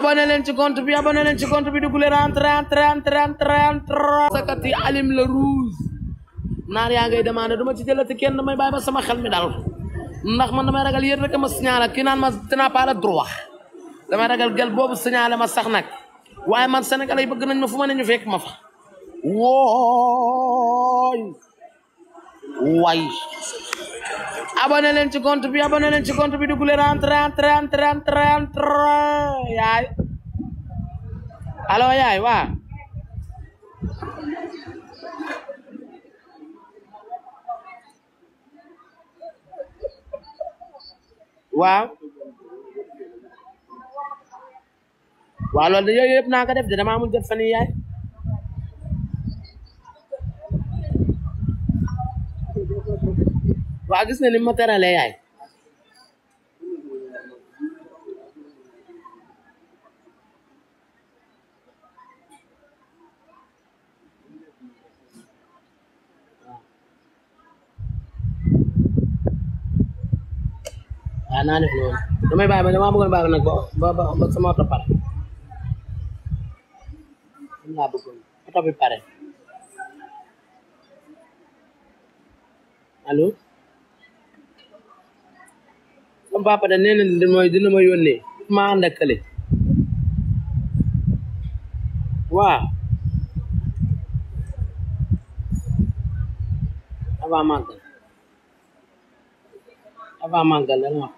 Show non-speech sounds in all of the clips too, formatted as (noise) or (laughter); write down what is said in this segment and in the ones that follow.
abonné leen ci compte bi abonné leen ci compte bi dugg leen entre entre entre entre entre sakati alim le rouge naar yaa ngay demandé du ma ci jëlati kenn damay bàyyi ba sama xel mi dal ndax man damay ragal yéen rek ma signalé kii naan ma dinaa pas le droit damay ragal gel boobu signalé ma sax nag waaye man sénégalais yi bëgg nañ ma fu ma ne ñu fekk ma fa wooy way abonné leen ci compte bi abonné leen ci compte bi dugg leen entre entre entre ya. Halo ya, allo yaay Wa, wa ya loolu ya yooyu yëpp naa ko def de amul yaay waa gis na ni ma terale yaay waaw naa def loolu damay bàyyi ba damaa bëggoon bàyyi ba nag ba ba ba sama oto pare am naa oto bi pare allo sama papa da nee dina ma yónnee ma ànd ak kële waaw avant màggal avant màggal la wax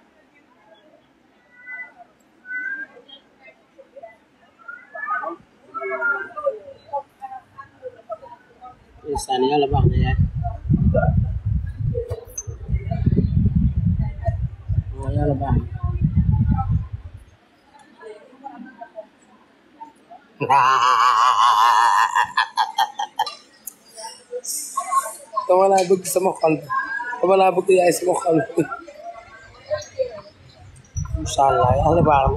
(laughs) dama laa bëgg sama xol bi dama laa bëgg yaay sama xol bi incha allah yàlla baax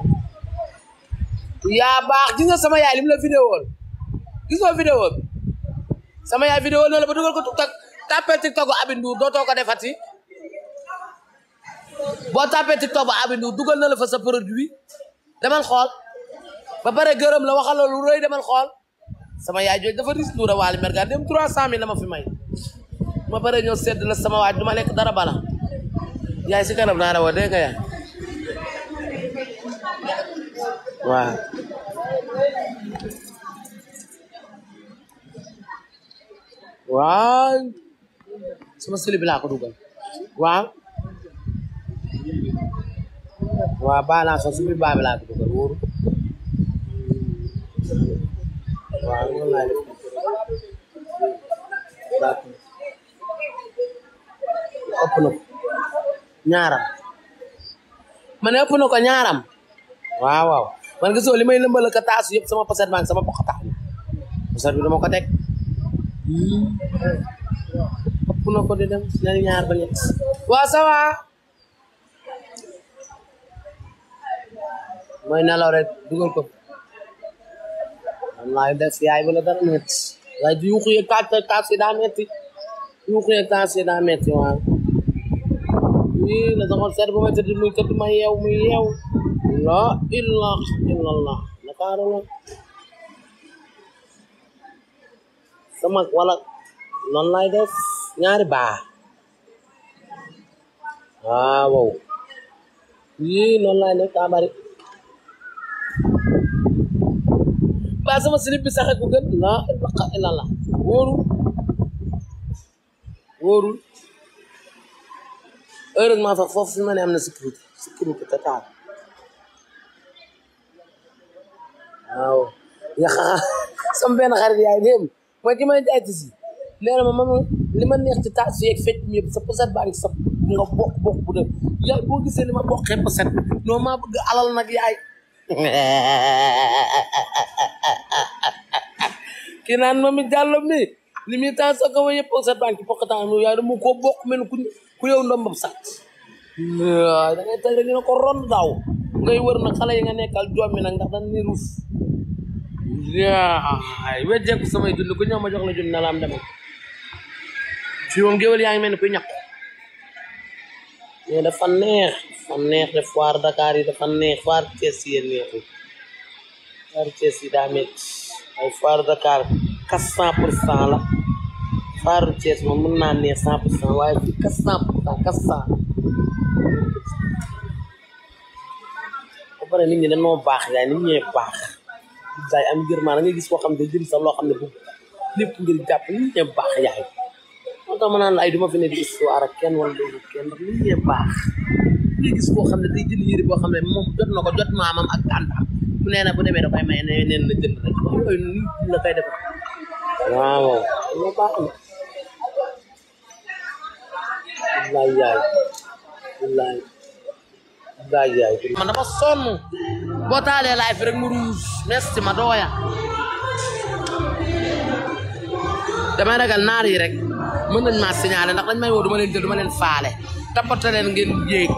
na yaa baax gis nga sama yaay li mu la vidéo woon gis nga vidéo bi sama yaay vidéo woon na la ba dugal ko TikTok tàppee TikTok bu Aby Ndour dootoo ko defati boo tàppee TikTok bu Aby Ndour dugal na la fa sa produit demal xool ba bare geureum la waxal lu reuy demal xol sama yaay jooju dafa risque duura mer ga dem 300000 la ma fi may ma bare ñoo sedd la sama waaj duma lek dara bala yaay si kanam naa wa de dégg nga yaay wa waaw sama sulib la ko dugal wa wa sa ko dugal ëpp na ko ëpp na ñaaram waaw waaw man gisoo li lembal ka taasu yëpp sama poset maa ngi sama poxata poset bi dama ko teg ëpp na ko di dem ñaar ñaar ba ñett waa ça va mooy nelaw rek dugal ko Allah da si ay wala dara net la di yuki meti yuki ta si da meti wa ni la da kon ser bu meti di muy tet ma yew muy yew la illa illallah na karo wala non lay def ñaari ba ah wow ni non lay nek abari أسمى سليب بسخة كوكب لا إلقاء إلا الله ورو ورو أرد ما فخفف في مالي أمن سكروت سكروت كتتعب أو يا خا (laughs) سام بين غير يا ديم ما كي ما يدعي تسي لا لا ما ما اللي ما نيجي تتع سيك فت مية بس بس بانك سب نبوك بوك بده يا بوك سينما بوك خمسة نو ما بقى على النجاي kinan naan mami jàllo mi ta ka ko yëpp sa banque pokata mi yaay dama ko bok mel ku ku yow ndombam sàcc da ngay tëj rek dina ko ron daw ngay wër na xale yi nga nekkal doom mi nag ndax dañ ni ruus ay wejjeeku samay dund ko ñoma jox la jund na lam dem ci wam yaa ngi mel ni kuy nee dafa neex dafa neex de foire Dakar yi dafa neex foire Thiès yi neexul foire Thiès yi daa ay foire Dakar quatre cent pour cent la foire Thiès moom mën naa neex cent pour cent waaye fii quatre cent pour cent quatre cent ba nit ñi dañoo baax yaay nit ñee baax am da gis koo moo ma naan ay duma fi ne di histoire ak kenn wala doomu kenn li ñu baax nga gis koo xam day jël yére boo xam ne jot na jot maamam ak tàntam mu nee bu demee da koy may neen na rek ni la koy defal waaw yaay yaay man dama live rek mu ruus ma damay ragal naar yi rek mën nañ maa signaler ndax dañ may woo du ma leen ma leen faale tappata leen ngeen yéeg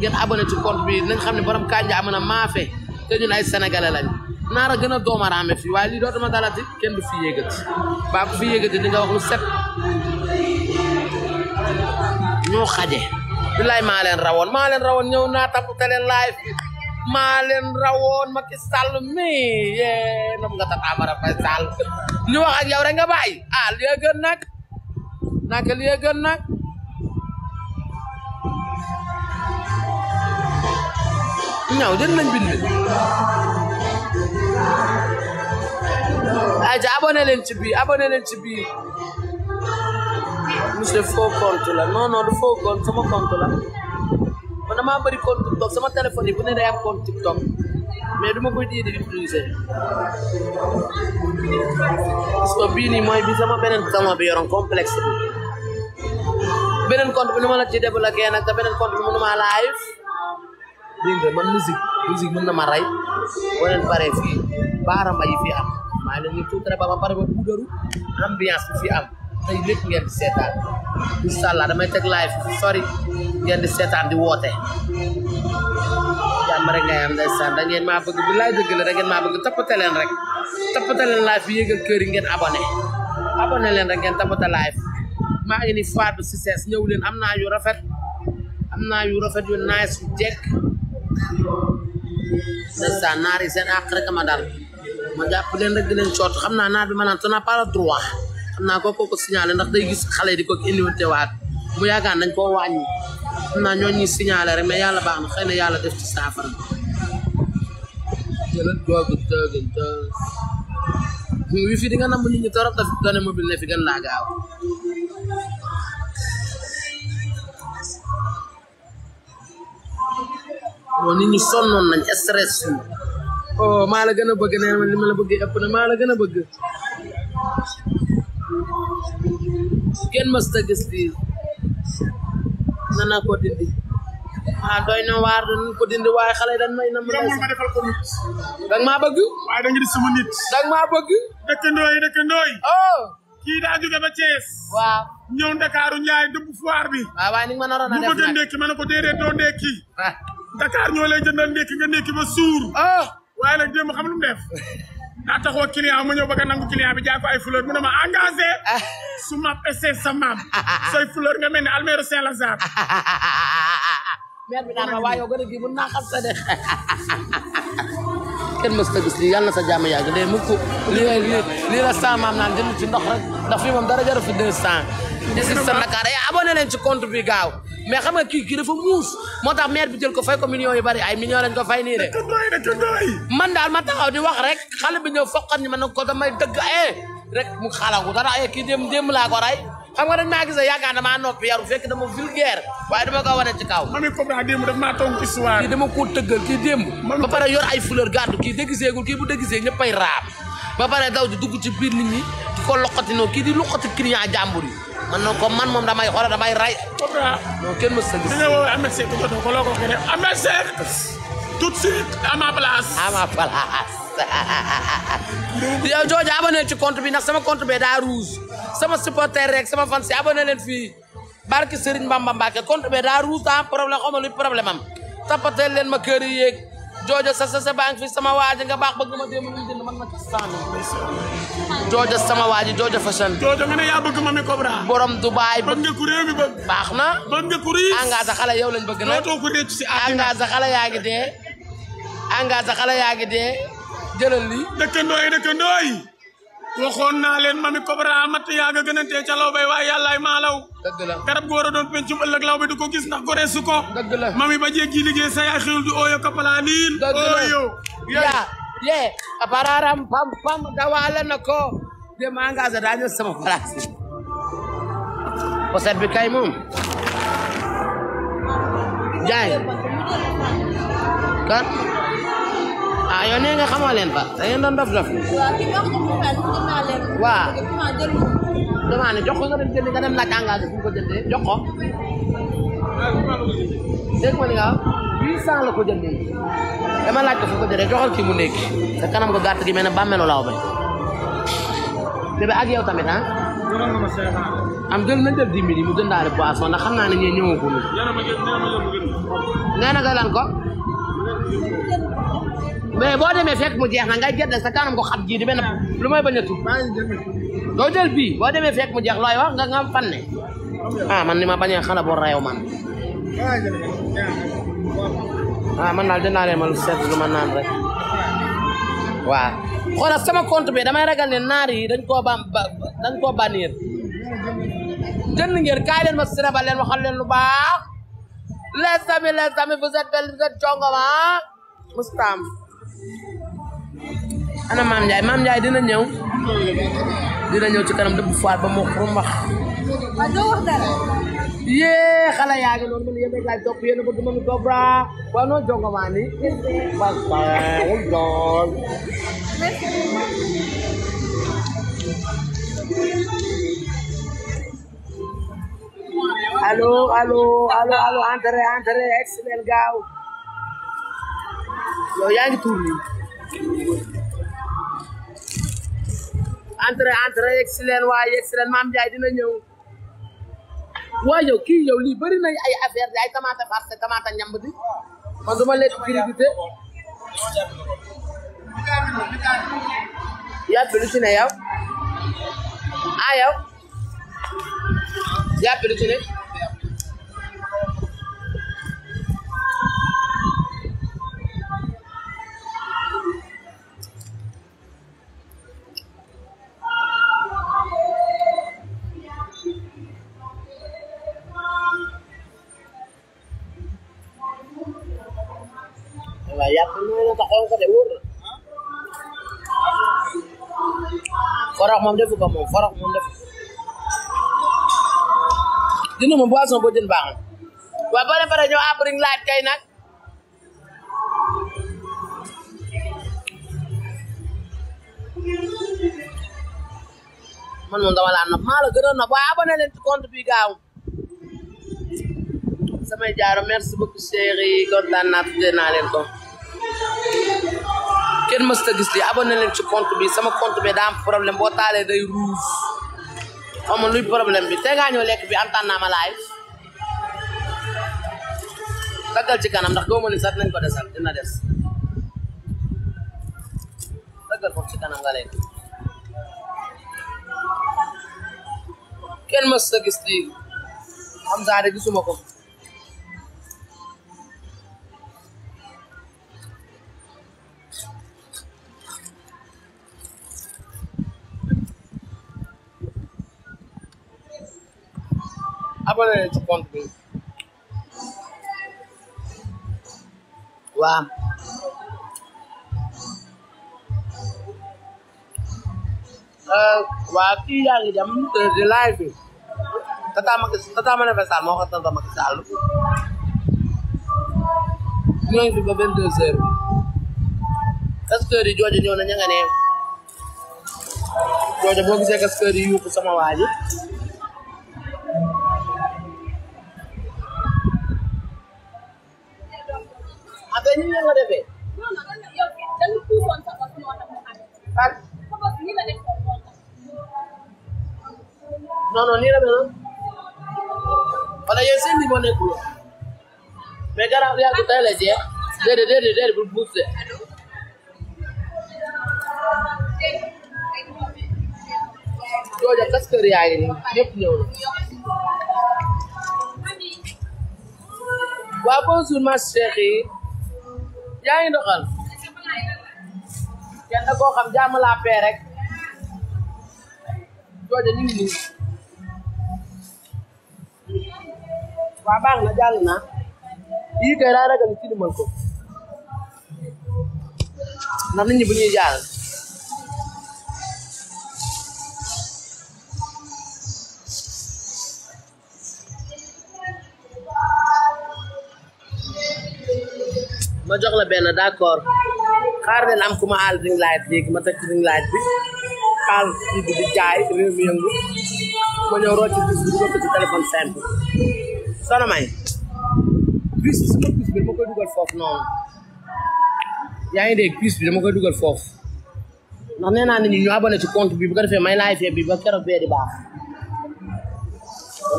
ngeen abonné ci compte bi nañ xam ne borom kànja am na maafe te ñun ay sénégalais lañ naar a gën a doomaraame fii waaye lii dootuma dalati kenn du fi yéegati baa ku fi yéegati di nga set ñoo xaje billaay maa leen rawoon maa leen rawoon ñëw naa tappate leen malen rawon maki salmi ye nom yee nam nga sal Amara Faye Sall ñu wax ak yow nga ah li gën nak naka li gën nag ñaw jël nañ aja abonné ah, len ci bi abonné len ci bi monsieur faux compte la non non du faux compte sama compte la man dama bari compte tiktok sama téléphone yi bu ne tiktok mais mau koy di utiliser parce que bii nii sama beneen salon biar orang complexe Benar beneen compte malah nu ma kayak anak, débloqué nag te beneen compte live dégg man musique musique mën na ma rey waneen pare fii am am tey lépp ngeen di seetaan incha allah damay teg live Sorry, ngeen di seetaan di woote jàmm rek ngay am ndeysaan da ngeen maa bëgg bi laay dëgg la da ngeen maa bëgg toppate leen rek toppate leen live yi yëgal kër yi ngeen abonné abonné leen rek ngeen toppate live Ma ngi ni Fatou Cissesse ñëw leen amna naa yu rafet am yu rafet yu nice yu jekk ndeysaan naar yi seen àq rek ma dal ma jàpp leen rek di leen coot xam naa bi ma tu n'as pas le droit na ko ko ko signaler ndax day gis xalé di ko indiwante wat mu yaakaar nañ ko wàññi na ñoo ñi signaler rek mais yalla baax na xëy na def ci saafara jëlal googu tëgën ñu wi fi di nga nam nit ñi torop daf gane mobile ne fi gën laa gaaw mo nit ñi sonnon nañ stress oh mala gëna bëgg nee ma li ma la bëgg ëpp na mala gëna bëgg kenn mësta gis nana ko dindi ah doy na waar dañ ko dindi waaye xale ma defal ko nit danga maa bëgg waaye da nga di sama nit danga maa bëgg dëkkandooy dëkkandooy oh kii daa jóge ba Thiès waaw ñëw Ndakaaru Njaay dëbb foire bi waaw waaye ni nga ma naroon a def bu bëgg a ndékki ma ne ko déedéet doo ndékki ah. Dakar ñoo nga ndékki ba suur ah waaye nag démb xam lu mu (laughs) daa taxoo client ma ñëw bëgg a nangu client bi jaay ko ay fleur mu ne ma engagé (laughs) su ma pesee sa maam say fleur nga mel ni almeeru Saint Lazare mère bi naan ma waa yow gën a kii mun de (laughs) kenn mës ta gis lii yàlla na sa jàmm yàgg de mukk lii la lii la sa maam naan jënd ci ndox rek ndax fii moom dara jaru fi deux cent di si sa Ndakaaru eh, abonné leen ci compte bi gaaw mais xam nga kii kii dafa muus moo tax maire bi jël ko fay ko million yu bari ay million lañ ko fay nii de man daal ma taxaw di wax rek xale bi ñëw foqat ñi man ko damay dëgg eh rek mu xalangu dara eh kii dem dem laa ko rey xam nga dañ maa gis yaakaar damaa noppi yaru fekk dama vulgaire waaye dama ko wane ci kaw mami Cobra démb dama maa toog histoire kii dama ko tëggal kii démb ba pare yor ay fleur gàddu kii déggiseegul kii bu déggisee ñëppay raam ba pare daw di dugg ci biir nit ñi ko loqati noonu kii di loqati client jàmbur yi man na ko man moom damay xoola damay ray. non kenn mës sa gis. dina woowee Ahmed Seck ko ko loo ko a na Ahmed Seck tout de ma place. à ma place. ci compte bi ndax sama compte bi daa rouge sama supporter rek sama fan si abonné leen fii barke Serigne Bamba Mbacke compte bi daa rouge daa ah, am problème xaw ma luy problème leen ma kër yi joojo sa sa sa baa ngi fi sama waaji nga baax bëgg ma dee ma jënd man ma ci sànni joojo sama waaji joojo fashion joojo nga ne yaa bëgg ma mi Cobra borom Dubaay bëgg nga ku réew baax na bëgg nga ku riis engagé xale yow lañ bëgg na dootoo ko réccu si àddina engagé xale yaa ngi dee engagé xale yaa ngi dee jëlal li dëkkandoo yi dëkkandoo yi waxon na len mami Cobra amat ya nga gënantee ca law bay waaye yàllaay maa law dëgg la garab gu war a doon pencum law bay du ko gis ndax goré su ko la mami ba jéggi liggéey say xéel du oyo ooyo kapalaaniin ooyo yaa ye apararam pam pam dawala nako de maa nga sa daañu sama place poset bi kay mum jaay kan ah yow nee nga xamoo leen fa da ngeen doon dof dof waaw ki wax na waaw jox ko nga dem jënd nga dem laaj engagé fu ko jëndee jox ko dégg ma li nga wax huit cent la ko jëndee dama laaj ko fu ko jëndee joxal kii mu nekk te kanam ko gàtt gi mel ne bàmmeelu laaw ba bébé ak yow tamit ah am jël na jël dix mille mu jëndaale poisson ndax xam naa ne ñee ñëwoo ko nii nee na nga lan ko mais boo demee fekk mu jeex na ngay gedd sa kanam ko xat ji di benn lu may bañ a tudd doo bii boo demee fekk mu jeex looy wax nga nga fan ne ah man ni ma bañee xala boo reew man ah man daal dinaa leen ma lu ma naan rek waaw xoolal sama compte bi damay ragal ne naar yi dañ koo ba dañ koo bannir jënd ngeen kaay leen ma sirabal leen waxal leen lu baax les amis les amis vous êtes belle vous êtes jongoma ah. Moustapha ana mam jay mam jay dina ñew dina ñew ci kanam dëbb faar ba mu xurum wax wa do wax dara ye xala yaagi non noonu man yéen rek laay topp bëgg mënu dobra ba no noo jongo maa ba ba wul doon allo allo allo allo entrez entrez excellent gaaw yow yaa ngi tuur nii entre entre yegg leen waaye yegg leen maam Ndiaye dina ñëw waaye yow ki yow lii bëri nañ ay affaire ay tamaate farce tamaate ñamb di man du ma lekk crédité yàpp lu ci ne yow ah yow farax moom defu ko moom farax moom defu dina moom boisson boo jën baax na waaye boo defaree ñëw laaj kay nak man moom dama laa nopp maa la gënoon nopp waaye abonné leen ci compte bi gaaw samay jaaro merci beaucoup ko ngeen mës gis lii abonné leen ci compte bi sama compte bi daa am problème boo taalee day ruus xam luy problème bi tey ngaa lekk bi antaan naa ma laay daggal ci kanam ndax doo ma ni sax nañ ko desal dina des daggal foofu ci kanam nga lekk kenn mës a gis lii xam saa de gisuma ko. apa Jepang tuh wah wati eh, yang jam di live tatama tatama na fesal mo ko tatama kesal ñoy fi ba 22 heures kaskeur yi jooju ñëw na ña nga ne jooju boo gisee kaskeur yi yuk sama wajib ma defee non non lan yow dañ puusoon sa bopp moo tax mu ànd fan sa bopp nii la def non non nii la mel wala yow seen bi moo nekk loolu mais garab yaa ko tey la jeex déedéet déedéet déedéet bonjour ma yaa ngi doxal kenn da koo laa pee rek jooja ñu ngi nii waa baax na jàll na yii kay daa ragal tilimal ko ndax nit ñi bu ñuy ma jox la benn d' accord xaar ne am ku ma àll ring light léegi ma teg ring light bi xaar ci bi di jaay réew mi yëngu ma ñëw rocc bis bi dugal ko ci téléphone simple sono may bis bi sama bis bi dama koy dugal foofu noonu yaa ngi dégg bis bi dama koy dugal foofu ndax nee naa nit ñu abonné ci compte bi bu ko defee may laay fee bi ba keroog bee di baax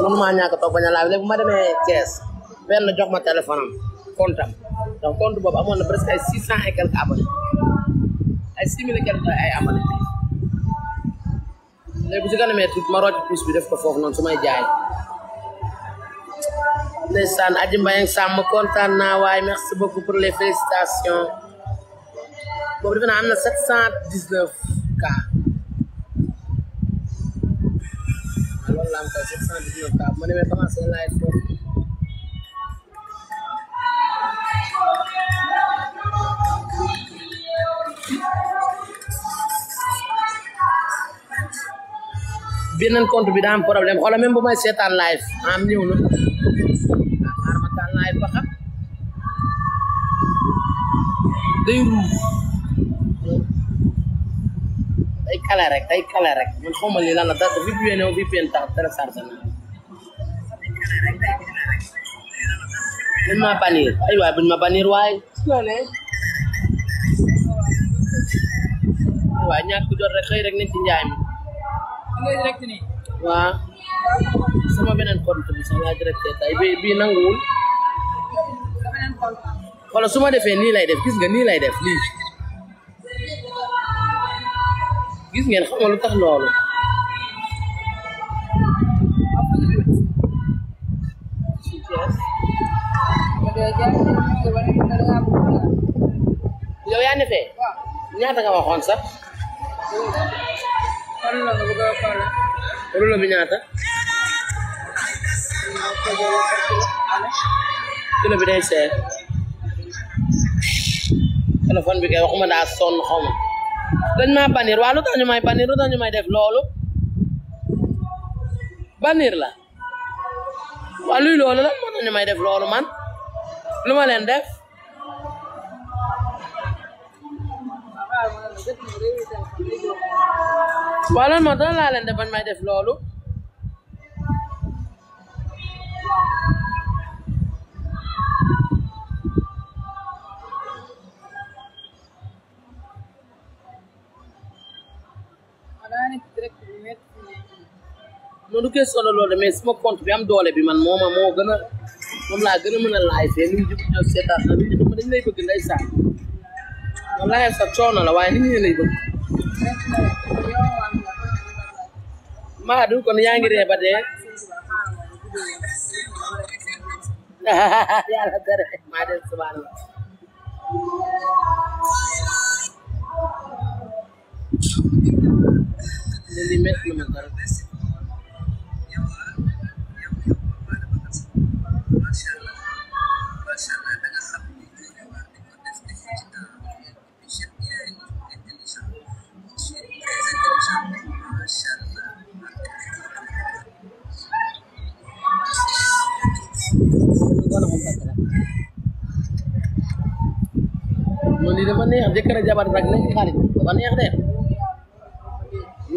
mënuma ñàkk toog bañ a laaj léegi bu ma demee Thiès benn jox ma téléphone am compte am donc compte bobu amone presque 600 et quelques abonnés ay 6000 et quelques ay abonnés léegi bu ci gëna mettre ma rooti plus bi def ko foofu noonu su may jaay Adi aji ak Sam content na way merci beaucoup pour les félicitations bobu dina amna 719 na alors cent dix neuf cas loolu la am commencé live benen compte bi da am problème xola même bu may sétane live am ñew na xaar ma taan live ba xam day ru day kala rek day kala rek man xawma li lan la ñew bi pen tax dara sar sa ma banir ay way buñ ma banir way lolé waay ñak jot rek xey rek ne ci njaay mi ngay direct ni waaw sama benen compte bi sama direct ya. tay bi bi nangul wala suma defé ni lay def gis nga ni lay def ni gis ngeen xam lu tax lolu yow yaa ne fee nga waxoon sax Ano lalu nabagawa pala. Puro lalu binata? Ito na binaysa eh. Ano fan bigay ako manason ko mo. Dan mga paniro, ano tayo may paniro, tayo may def lolo? Banir lalu Ano yung man? lalu ah, lang waaw lan moo doon laa leen de ban may def loolu noonu question la loolu mais sama compte bi am doole bi man mooma moo gën a moom laa gën a mën a laay fee nu ñu jëf seetaan na ñu dañ lay bëgg ndeysaan wallaay sa coono la waaye nit ñi lay bëgg maa du kono yaa ngi ree ba dee yàlla dara maa dem subhanallah li metti na ma dara neex jëkkër ak jabar rek nekk xarit dafa neex de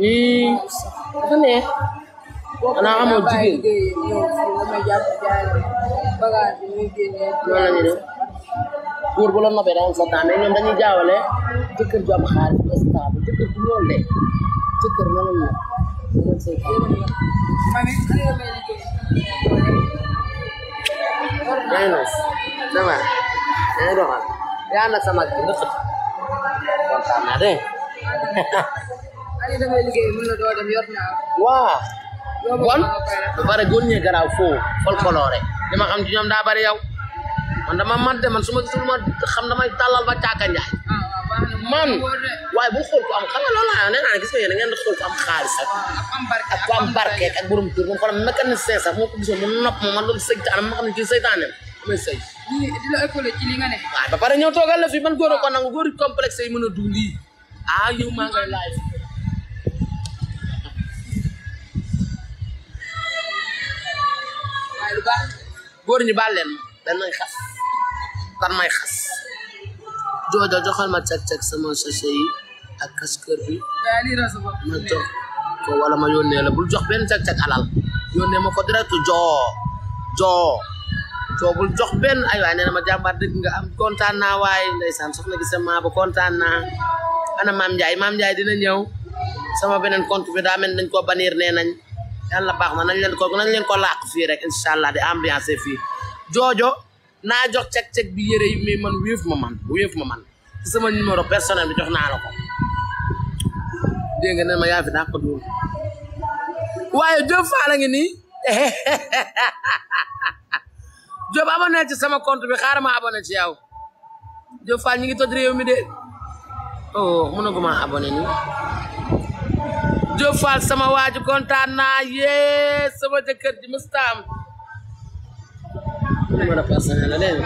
ñii dafa neex xanaa amoo jigéen noonu la ñu def góor bu la noppee daal sa temps mais ñoom dañuy jaawale jëkkër ju am xaalis bu stable jëkkër bu loolu de jëkkër noonu la ñu def. yaa nag sama dëkk kontaan naa de. waaw. gon ba pare gon ñee garaaw ma xam ci ñoom daa bari yow man dama mat man su ma gisul ma xam damay tàllal ba caaka njaay ah, man waaye bu xool ko am xam nga loolu laa nee naa gis nga yéen ngeen di xool am xaalis ah, ak am barke ak borom tur moom xolam mécanicien sax moo ko gisoon mu nopp ma man loolu seytaane ma xam ne ci seytaane damay sëy ni di la la fi man goro ko nangu gori complexe yi mëna dund ayu ma ngay live way lu baax gor ñi bal len dan may tan may xass jojo joxal ma cak sama yi ak kaskeur bi ma jox ko wala ma yonne bul jox ben cak cak alal yonne ko direct jo jo kan, toogul jox benn ay waay nee ma jàmbaar nga am kontaan naa waaye ndeysaan soxna gi sama ba kontaan naa ana maam Ndiaye maam Ndiaye dina ñëw sama beneen compte bi daa mel dañ ko bannir nee nañ yàlla baax ma nañ leen ko nañ leen ko làq fii rek incha allah di ambiance fii joojo naa jox ceg-ceg bi yére yi muy man wéef ma man wéef ma man ci sama numéro personnel bi jox naa la ko dégg ma yaa fi daa ko waaye deux fois la ngi nii (laughs) Diop abonné sama compte bi xaaral ma abonné ci yow ngi toj réew mi de oh mënaguma abonné nii Diop sama waaju kontaan naa yee sama jëkkër ji mësta am numéro personnel la léegi.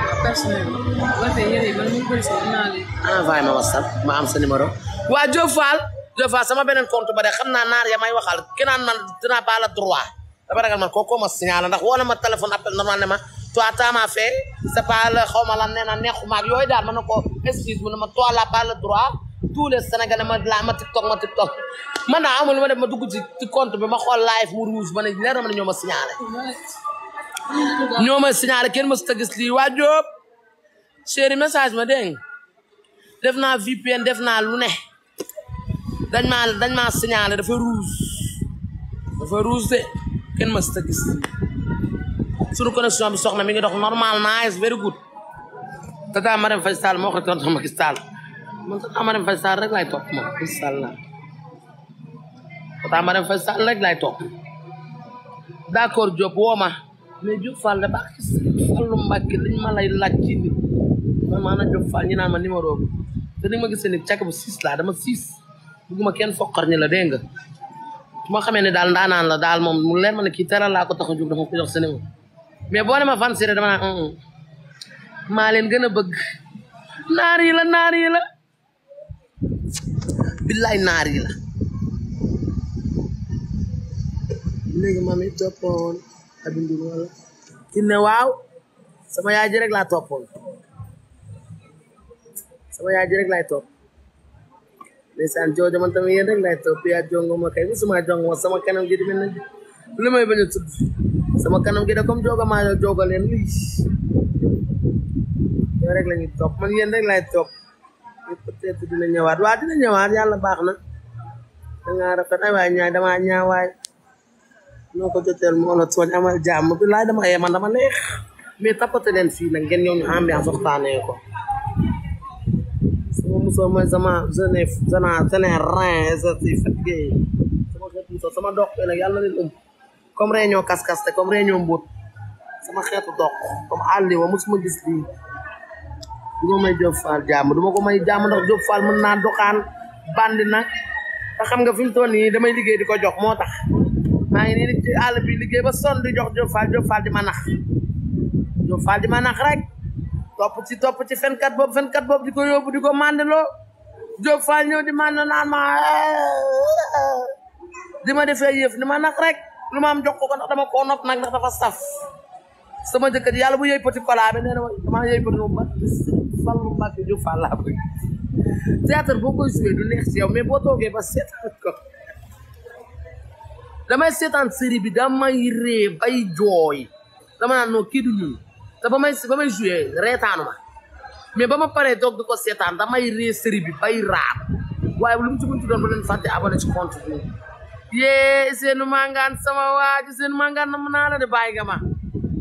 personnel ma whatsapp ma am sa numéro. waa Diop Fall Diop Fall sama beneen compte ba de xam naa naar ya may waxal kenaan man dinaa baal a droit dama ragal man kooku ma signalé ndax woo na ma téléphone appel normal ne ma. toi t'as ma fait c'est pas le xaw ma lan nee na neexuma ak yooyu daal ma ne ko excuse mu ne ma toi la pas le droit tous les sénégalais ma la ma tiktok ma tiktok man naa amul ma def ma dugg ci ci compte bi ma xool live mu rouge ma ne leer na ma ne ñoo ma signalé ñoo ma signalé kenn mësut a gis lii waa Diop chéri message ma dégg def naa VPN def naa lu ne dañ maa dañ maa signalé dafa rouge dafa rouge de kenn mësut a gis suñu connexion bi soxna mi ngi dox normal nice very good tata Marème faisal mo moo ko tontu kristal Sall man tata Marème faisal rek lay top moom kristal la tata Marème faisal rek lay top d'accord job Diop ma mais job fal da bax Fallu Mbàkke liñ ma lay lacc ci nit man maanaam Diop Fall ñu ma numéro te ni ma gisee ni ciak bu 6 la dama 6 buguma kenn fokkar ni la dégg nga ma xamé ni dal ndanan la dal mom mu leer man ki kii la ko tax a jóg ko jox sa mais boo ne ma Van Siré dama naan maa leen gën a bëgg naar yi la naar yi la lay naar yi la léegi mami toppoon abi ndur wala kinne waaw sama yaay ji rek laa toppoon sama yaay rek laay topp ndeysaan joojo man tamit yéen rek laay topp yaa jongo ma kay musuma jongo sama kanam gi di mel na li may bañ a tudd sama kanam gi da comme jooga maa jooga leen lii yow rek la ñuy topp man yéen rek laay topp peut-être dina ñëwaat waa dina ñëwaat yàlla baax na dangaa rafet ay waay ñaay dama ñaawaay noo ko joteel moo la tooñ amal jàmm bi laay dama yee man dama neex mais tappate leen fii nag ngeen ñëw ñu ambiance waxtaanee ko sama musoo mooy sama jeune jeune jeune rein sa si fatigué sama sama dox nag yàlla leen ëmb comme réunion kas-kas comme réunion mbut sama xétu dox comme àlli wa musuma gis li duma may job faal jamm duma ko may jamm ndax job faal mën na doxaan bandi nag te xam nga fim toni damay liggé diko ko jox motax ma ngi ni ci all bi liggé ba son di jox job faal job faal di manax job faal di manax rek top ci top ci 24 bob 24 bob diko ko diko mandelo job faal ñew di man na ma dima defé yef yëf di rek lu ma am jox ko ko ndax dama koo nopp nag ndax dafa saf sama jëkkër yàlla bu yëy petit cola bi nee na ma damaa yëy petit moom Mbacke Fallou Mbacke Diouf Fall laa bëgg théâtre boo koy joué du neex ci yow mais boo toogee ba seetaan ko damay seetaan série bi damay ree bay jooy dama naan noo kii du ñun te ba may ba may joué reetaanu ma mais ba ma paree doog di ko seetaan damay ree série bi bay raam waaye lu mu ci mënti doon ba leen fàtte abonné ci compte bi yée seenu mangaan sama waaju seenu mangaan na mu naa la de bàyyi nga ma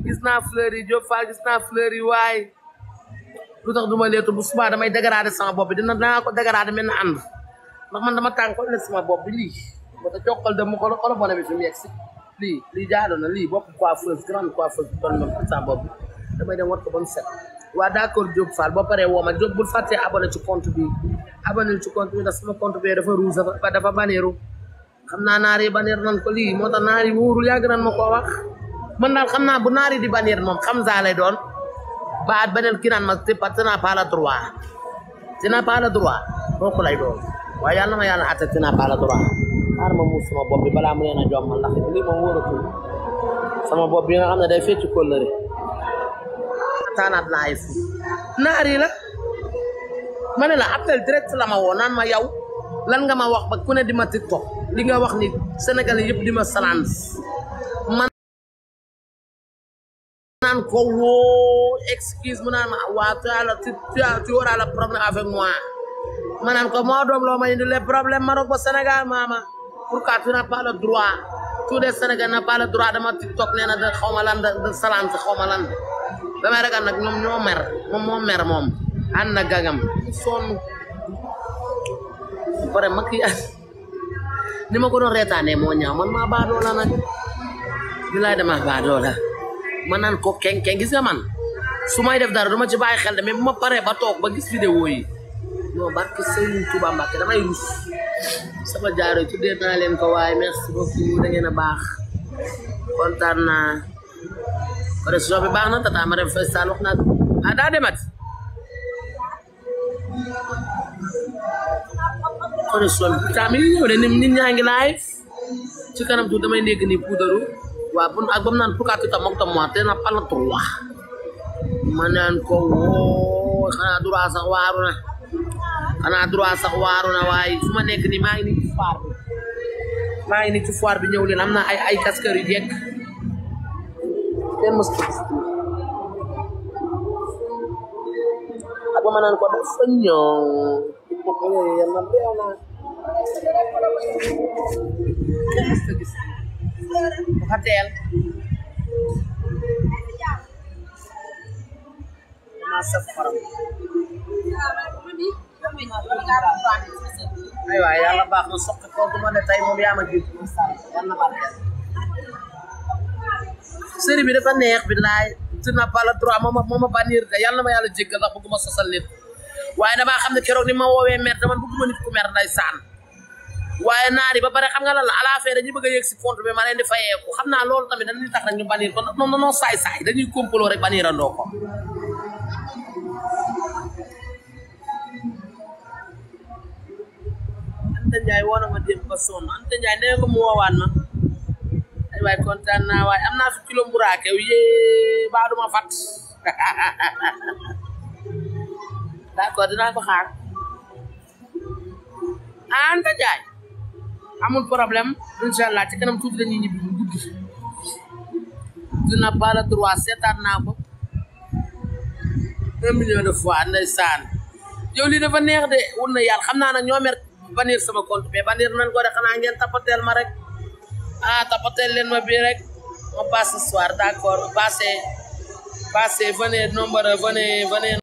gis naa fleur yi Diop Fall gis naa fleur yi waay lu tax ma leetu bu subaa damay dégradé sama bopp bi dina naa ko dégradé na ànd ndax man dama tànkol ne sama bopp bi lii ba ta jokkal dem mu xolo xolo bona bi fi mu si lii lii jaadoo na lii bopp coiffeuse grande coiffeuse bi ton noonu sama bopp bi damay dem war ko ba mu set waa d'accord Diop Fall ba pare woo ma Diop bul fàttee abonné ci compte bi abonné ci compte bi ndax sama compte bi dafa ruus dafa dafa baneeru xam naa naar yi bannir nan ko moo tax naar yi wóorul yàgg nan ma man daal xam naa bu naar yi di bannir moom xam saa lay doon baat beneen ki naan ma c'est pas pas le droit c'est pas le droit kooku lay doon na ma yàlla àtte c'est pas le droit xaar ma muus sama bopp bi balaa mu leen jom man ndax lii moom wóoratul sama bopp bi nga xam ne day fecc kóllëre taanaat la ay fu naar yi la ma ne la appel direct la ma woo naan ma yow lan nga ma wax ba ku ne di ma tiktok li nga wax ni senegal di ma salans man nan ko wo excuse mu naan ma waa tu as la tu tu problème avec moi ma nan ko ma indi les Maroc ba Sénégal pourquoi tu n'as pas le droit tout des senegal n'a pas le droit dama tiktok nena na da xaw lan da salans xawma lan dama ragal nak ñom ñoo mer mer mom an na gagam sonu pare maquillage ni ma ko doon reetaanee moo man ba do la ni bilaay dama do la ma naan ko keng keng gis nga man sumay def dara duma ci baye xel de ma pare ba tok ba gis video yi no barke Touba dama rus sama jaaro de na len ko way merci beaucoup da ngay na bax kontana naa pare bi na tata ma def festival wax demat connexion bi pourtant mi ngi ñëw de nit nit ñaa ngi live ci kanam tuuti damay dégg ni puudaru waa bu ak bam naan pourquoi tu t'as moqué moi t'es n'a pas le droit ko woo xanaa droit sax waaru na xanaa droit sax waaru na wai. fu ma nekk nii maa ngi nii ci foire bi maa ngi nii ci foire bi ñëw leen am naa ay ay casqueur yu jekk kenn mos ak ko dafa ñëw pokoknya yang nanti ona hotel masuk orang ayo ayo nusuk ke kau tay mau biar maju seri bi dafa neex mama mama banir da yalla ma yalla jéggal ndax sosal nit waaye damaa xam ne keroog ni ma woowee mer dama bëgguma nit ku mer nday saan waaye naari ba pare xam nga la à la fin dañuy bëgg a yegg si compte bi ma leen di fayeeku xam naa loolu tamit dañuy tax rek ñu bannir ko noonu noonu saay-saay dañuy complot rek bannirandoo ko Anta Ndiaye woo na ma démb mu woowaan ma ay waay kontaan naa waaye am naa fi kilo mburaake yee baa duma fat (laughs) d'accord dinaa ko xaar Anta Ndiaye amul problème incha ci kanam tuuti dañuy ñibbi bu guddi dina bala droit seetaan naa ko un million de fois ndeysaan yow lii dafa neex de wut na banir sama compte mais banir nan ko de xanaa ngeen ma rek ah tapateel leen ma bii rek ma passe soir d'accord passez passez venez nombre venez venez